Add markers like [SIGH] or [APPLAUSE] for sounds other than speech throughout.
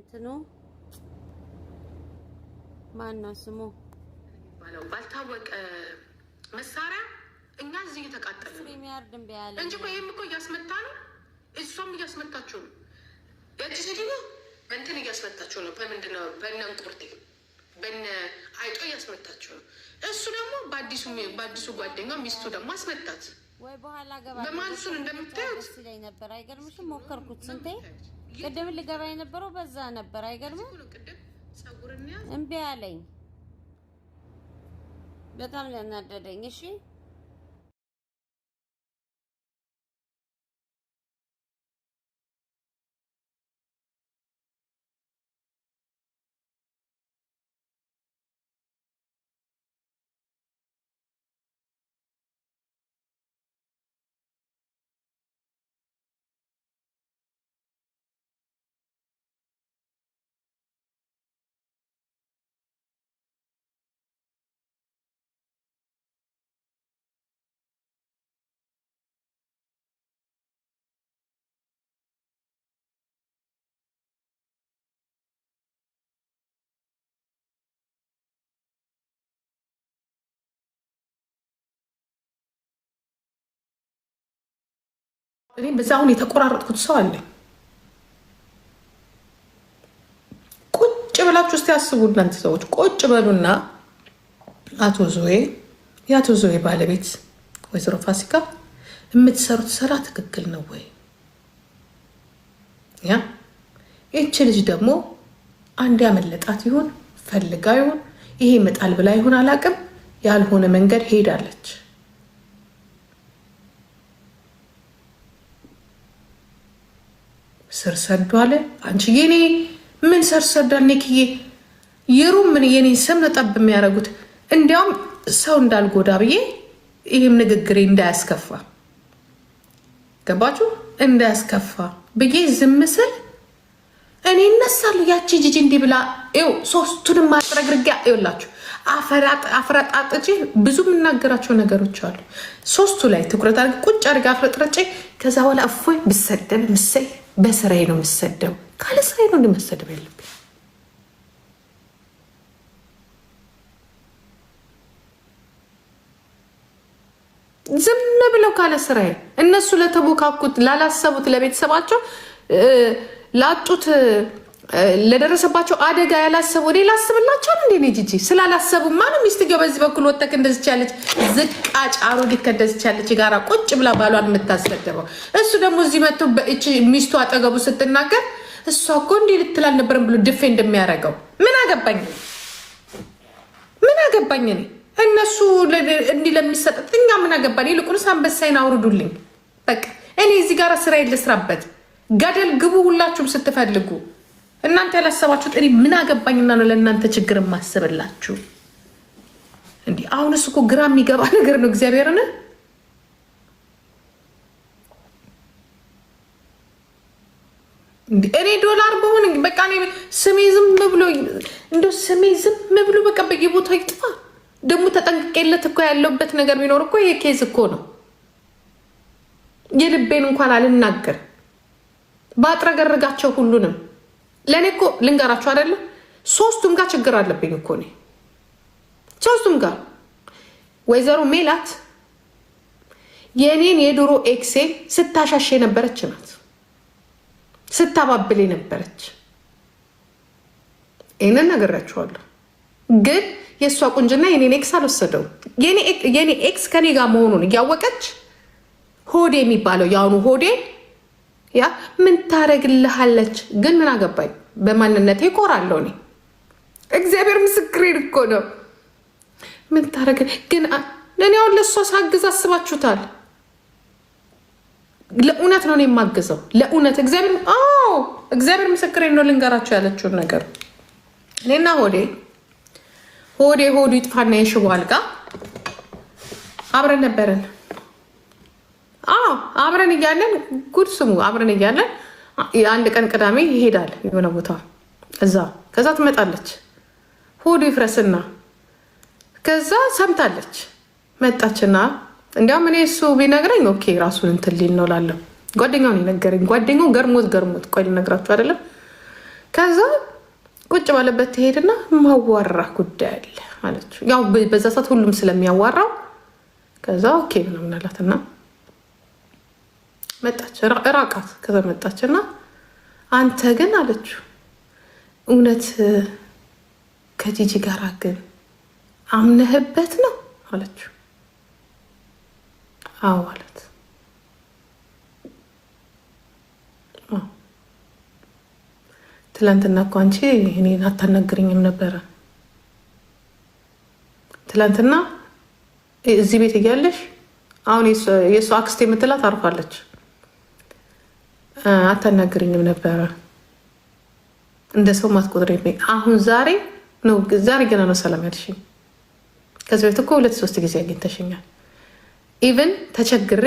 እንትኑ ማነው ስሙ ባልታወቀ መሳሪያ እኛ እዚህ እየተቃጠሉ እንጂ እኮ ይህም እኮ እያስመታ ነው። እሷም እያስመታችሁ ነው። የእጅ ስድቦ እንትን እያስመታችሁ ነው። በምንድን ነው በነ እንቁርቴ በነ አይጦ እያስመታችሁ ነው። እሱ ደግሞ በአዲሱ ጓደኛው ሚስቱ ደግሞ አስመታት። በማንሱን እንደምታዩት ደስ ነበር። አይገርምሽም? ሞከርኩት ስንቴ ቅድም ልገባ የነበረው በዛ ነበር። አይገርምም? እምቢ አለኝ። በጣም ያናደደኝ። እሺ እኔም በዛ አሁን የተቆራረጥኩት ሰው አለ። ቁጭ ብላችሁ እስቲ አስቡ እናንተ ሰዎች፣ ቁጭ በሉና አቶ ዞዬ የአቶ ዞዬ ባለቤት ወይዘሮ ፋሲካ የምትሰሩት ስራ ትክክል ነው ወይ? ያ ይህች ልጅ ደግሞ አንድ ያመለጣት ይሁን ፈልጋ ይሁን ይሄ መጣል ብላ ይሁን አላቅም፣ ያልሆነ መንገድ ሄዳለች። ስር ሰዱ አለ። አንቺ የኔ ምን ስር ሰዳል ኔክዬ የሩም ምን የኔን ስም ነጠብ የሚያደርጉት እንዲያውም ሰው እንዳልጎዳ ብዬ ይህም ንግግሬ እንዳያስከፋ ገባችሁ፣ እንዳያስከፋ ብዬ ዝም ስል እኔ እነሳለሁ። ያቺ ጅጅ እንዲህ ብላ ው ሶስቱንም ማጥረግርጊያ ይውላችሁ አፍረጣጥጬ ብዙ የምናገራቸው ነገሮች አሉ። ሶስቱ ላይ ትኩረት አድርጌ ቁጭ አድርግ አፍረጥረጭ ከዛ በኋላ እፎይ ብሰደብ ምሰይ በስራዬ ነው የምሰደው ካለ ስራዬ ነው እንደመሰደብ ያለብኝ። ዝም ብለው ካለ ስራዬ እነሱ ለተቦካኩት ላላሰቡት ለቤተሰባቸው ላጡት ለደረሰባቸው አደጋ ያላሰቡ እኔ ላስብላቸው እንዴ? እኔ ጂጂ ስላላሰቡ ማነው ሚስትየው በዚህ በኩል ወተክ እንደዚች ያለች ዝቃጭ አሮጊት ከእንደዚች ያለች ጋራ ቁጭ ብላ ባሏን የምታሰደበው? እሱ ደግሞ እዚህ መጥቶ በእች ሚስቱ አጠገቡ ስትናገር እሷ እኮ እንዲህ ልትል አልነበረም ብሎ ድፌ እንደሚያደርገው ምን አገባኝ ምን አገባኝ እኔ እነሱ እንዲህ ለሚሰጠት እኛ ምን አገባን? ይልቁንስ አንበሳይን አውርዱልኝ በቃ። እኔ እዚህ ጋር ስራ የለስራበት ገደል ግቡ ሁላችሁም ስትፈልጉ እናንተ ያላሰባችሁት እኔ ምን አገባኝና ነው ለእናንተ ችግር የማስብላችሁ? እንዲህ አሁንስ እኮ ግራ የሚገባ ነገር ነው። እግዚአብሔርን እኔ ዶላር በሆን በቃ ስሜ ዝም ብሎ እንደ ስሜ ዝም ብሎ በቃ በየቦታው ይጥፋ። ደግሞ ተጠንቅቄለት እኮ ያለውበት ነገር ቢኖር እኮ ይሄ ኬዝ እኮ ነው። የልቤን እንኳን አልናገር ባጥረገርጋቸው ሁሉንም ለእኔ እኮ ልንገራችሁ አይደለም ሶስቱም ጋር ችግር አለብኝ እኮ እኔ ሶስቱም ጋር ወይዘሮ ሜላት የእኔን የድሮ ኤክሴ ስታሻሽ የነበረች ናት፣ ስታባብል የነበረች ይህንን ነግሬያችኋለሁ። ግን የእሷ ቁንጅና የኔን ኤክስ አልወሰደውም። የኔ ኤክስ ከኔ ጋር መሆኑን እያወቀች ሆዴ የሚባለው የአሁኑ ሆዴ ያ ምን ታደርግልሃለች ግን ምን አገባኝ? በማንነቴ እኮራለሁ እኔ። እግዚአብሔር ምስክሬን እኮ ነው። ምን ታደርግ ግን እኔ አሁን ለእሷ ሳግዝ አስባችሁታል? ለእውነት ነው እኔ የማግዘው ለእውነት። እግዚአብሔር አዎ፣ እግዚአብሔር ምስክሬን ነው። ልንገራቸው ያለችውን ነገር እኔና ሆዴ ሆዴ ሆዱ ይጥፋና የሽቦ አልጋ አብረን ነበረን። አብረን እያለን ጉድ ስሙ። አብረን እያለን የአንድ ቀን ቅዳሜ ይሄዳል የሆነ ቦታ እዛ ከዛ ትመጣለች። ሆዱ ይፍረስና ከዛ ሰምታለች መጣችና፣ እንዲያውም እኔ እሱ ቢነግረኝ ኦኬ ራሱን እንትን ሊል ነው ላለው ጓደኛውን የነገረኝ ጓደኛው ገርሞት ገርሞት፣ ቆይ ልነግራችሁ አይደለም። ከዛ ቁጭ ባለበት ትሄድና ማዋራ ጉዳይ አለ አለችው። ያው በዛ ሰዓት ሁሉም ስለሚያዋራው ከዛ ኦኬ ምናምን አላትና መጣች ራቃት። ከዛ መጣች እና አንተ ግን አለችው እውነት ከጂጂ ጋር ግን አምነህበት ነው አለችው። አዎ አለት። ትላንትና እኮ አንቺ እኔን አታናግርኝም ነበረ። ትላንትና እዚህ ቤት እያለሽ አሁን የእሱ አክስቴ የምትላት አርፋለች። አታናግረኝም ነበረ እንደ ሰው ማትቆጥረኝ። አሁን ዛሬ ነው ዛሬ ገና ነው ሰላም ያልሽኝ። ከዚህ በፊት እኮ ሁለት ሶስት ጊዜ አግኝተሽኛል። ኢቨን ተቸግሬ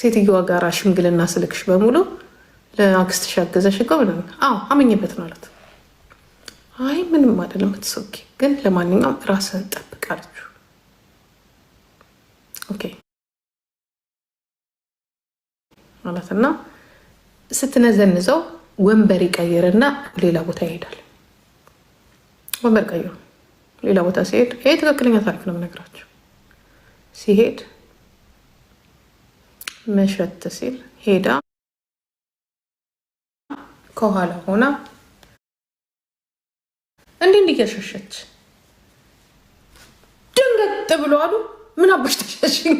ሴትዮዋ ጋራ ሽምግልና ስልክሽ በሙሉ ለአክስትሽ አገዘሽ እኮ ምናምን። አዎ አመኝበት ነው አላት። አይ ምንም አይደለም ትሶኪ፣ ግን ለማንኛውም ራስን ጠብቅ አለችው። ኦኬ አላትና ስትነዘንዘው ወንበር ይቀይርና ሌላ ቦታ ይሄዳል። ወንበር ቀይሩ ሌላ ቦታ ሲሄድ፣ ይሄ ትክክለኛ ታሪክ ነው የምነግራቸው። ሲሄድ መሸት ሲል ሄዳ ከኋላ ሆና እንዲህ እንዲህ እያሸሸች ድንገት ብሎ አሉ ምን አባሽ ተሸሽኝ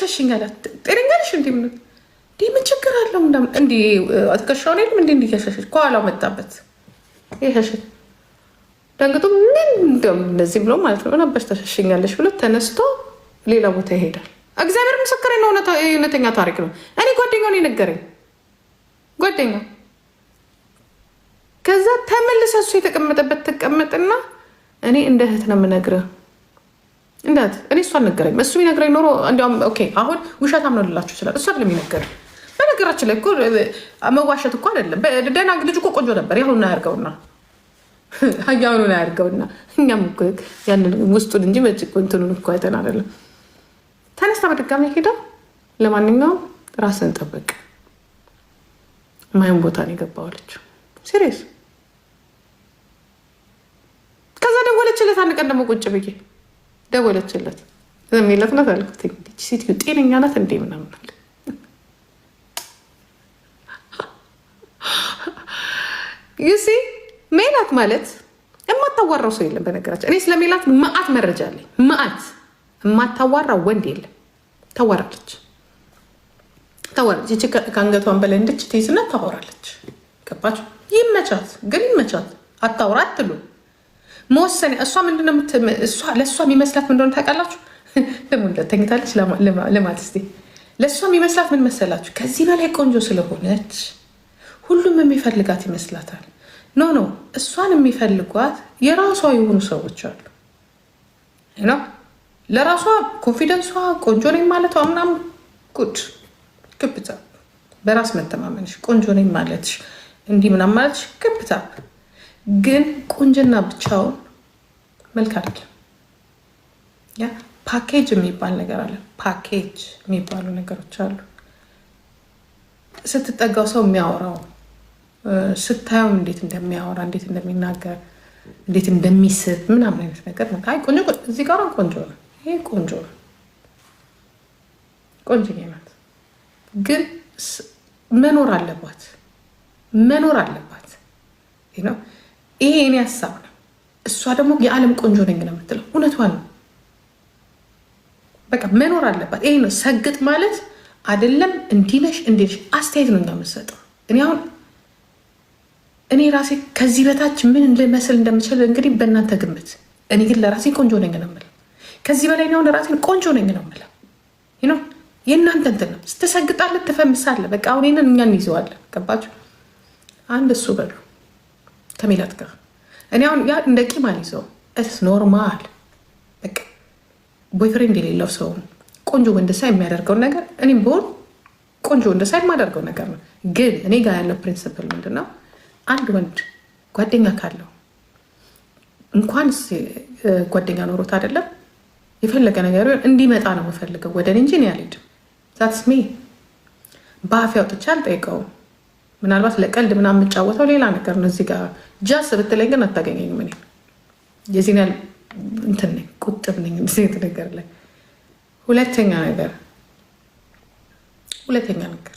ሸሽኝ አላት። ጤነኛለሽ እንዲ ምን ምን ችግር አለው እንዲ ትከሻውን ሄድም እንዲ እንዲ ሸሸች። ከኋላው መጣበት ይሸሽን ደንግጦ ምን እንደዚህ ብሎ ማለት ነው ነበርሽ ተሸሽኛለሽ ብሎ ተነስቶ ሌላ ቦታ ይሄዳል። እግዚአብሔር ምስክሬ ነው፣ እውነተኛ ታሪክ ነው። እኔ ጓደኛውን የነገረኝ ጓደኛው ከዛ ተመልሰሱ የተቀመጠበት ትቀመጥና እኔ እንደ እህት ነው የምነግርህ እንዴት እኔ እሷን ነገረኝ እሱ ቢነግረኝ ኖሮ እንዲያውም አሁን ውሸታም ነው ልላችሁ ይችላል። እሱ አይደለም ይነገር። በነገራችን ላይ እኮ መዋሸት እኮ አይደለም። ደህና ልጅ እኮ ቆንጆ ነበር። ያሁኑን አያርገውና [LAUGHS] ያሁኑን አያርገውና እኛም ያንን ውስጡን እንጂ መጭ እንትኑን እኮ አይተን አይደለም። ተነስታ በድጋሚ ሄዳ ለማንኛውም ራስን ጠበቅ ማይም ቦታ ነው የገባዋለች። ሲሪየስ ከዛ ደወለችለት አንድ ቀን ደግሞ ቁጭ ብዬ ደወለችለት ዘሜለት ናት አልኩት። እንግዲህ ሴትዮ ጤነኛ ናት እንዴ ምናምን አለ። ዩሲ ሜላት ማለት የማታዋራው ሰው የለም። በነገራችን እኔ ስለ ሜላት መዓት መረጃ አለኝ። መዓት የማታዋራው ወንድ የለም። ታዋራለች፣ ታዋራለች። ይቺ ከአንገቷን በላይ እንድች ትይዝና ታዋራለች። ገባችሁ? ይመቻት፣ ግን ይመቻት። አታውራ አትሉም መወሰን እሷ ምንድነው ለእሷ የሚመስላት ምንደሆነ ታውቃላችሁ? ለምን [LAUGHS] ተኝታለች? ልማት ስ ለእሷ የሚመስላት ምን መሰላችሁ? ከዚህ በላይ ቆንጆ ስለሆነች ሁሉም የሚፈልጋት ይመስላታል። ኖ ኖ፣ እሷን የሚፈልጓት የራሷ የሆኑ ሰዎች አሉ። ለራሷ ኮንፊደንሷ ቆንጆ ነኝ ማለቷ ምናምን ጉድ ክብታ፣ በራስ መተማመንሽ ቆንጆ ነኝ ማለትሽ እንዲህ ምናምን ማለትሽ ክብታ፣ ግን ቁንጅና ብቻውን መልክ አይደለም። ያ ፓኬጅ የሚባል ነገር አለ። ፓኬጅ የሚባሉ ነገሮች አሉ። ስትጠጋው ሰው የሚያወራው ስታየው እንዴት እንደሚያወራ እንዴት እንደሚናገር እንዴት እንደሚስብ ምናምን አይነት ነገር ነው። ቆንጆ እዚህ ጋር ቆንጆ ነው፣ ይሄ ቆንጆ ነው፣ ቆንጅዬ ናት። ግን መኖር አለባት መኖር አለባት። ይሄ እኔ ሀሳብ ነው። እሷ ደግሞ የዓለም ቆንጆ ነኝ ነው የምትለው። እውነቷ ነው። በቃ መኖር አለባት። ይሄ ነው ሰግጥ ማለት አይደለም። እንዲነሽ እንዲነሽ አስተያየት ነው እንደምትሰጠው። እኔ አሁን እኔ ራሴ ከዚህ በታች ምን ልመስል እንደምችል እንግዲህ በእናንተ ግምት። እኔ ግን ለራሴ ቆንጆ ነኝ ነው የምለው። ከዚህ በላይ አሁን ለራሴን ቆንጆ ነኝ ነው የምለው። የእናንተ እንትን ነው። ስትሰግጣለን ትፈምሳለ። በቃ አሁን ይህንን እኛ እንይዘዋለን። ገባችሁ? አንድ እሱ በሉ ከሜላት ጋር እኔ አሁን ያ እንደ ቂም አልይዘው እስ ኖርማል ቦይፍሬንድ የሌለው ሰው ቆንጆ ወንደሳ የሚያደርገውን ነገር እኔም በሆን ቆንጆ ወንደሳ የማደርገው ነገር ነው። ግን እኔ ጋር ያለው ፕሪንስፕል ምንድን ነው? አንድ ወንድ ጓደኛ ካለው እንኳንስ ጓደኛ ኖሮት አይደለም የፈለገ ነገር ቢሆን እንዲመጣ ነው የምፈልገው ወደ እኔ እንጂ እኔ አልሄድም። ዛትስ በአፌ አውጥቼ አልጠይቀውም። ምናልባት ለቀልድ ምናምን የምጫወተው ሌላ ነገር ነው። እዚህ ጋር ጃስ ብትለኝ ግን አታገኘኝ። ምን የዚህን ያህል እንትን ነኝ፣ ቁጥብ ነኝ ሴት ነገር ላይ። ሁለተኛ ነገር ሁለተኛ ነገር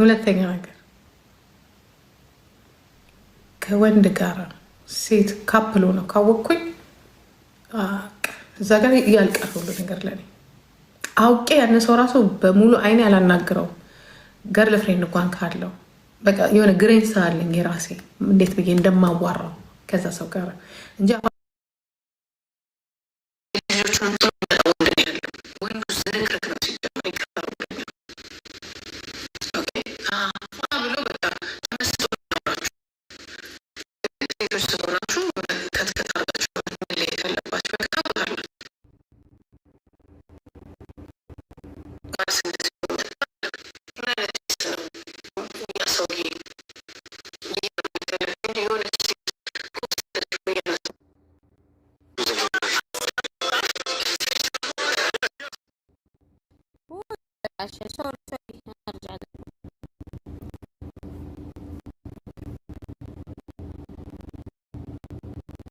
ሁለተኛ ነገር ከወንድ ጋር ሴት ካፕሎ ነው ካወቅኩኝ እዛ ጋር ያልቃል ሁሉ ነገር ለእኔ አውቄ ያን ሰው ራሱ በሙሉ አይኔ አላናግረውም። ገርል ፍሬንድ እንኳን ካለው በቃ የሆነ ግሬን ሳለኝ የራሴ እንዴት ብዬ እንደማዋራው ከዛ ሰው ጋር እንጂ عشان سوري سوري أنا أرجع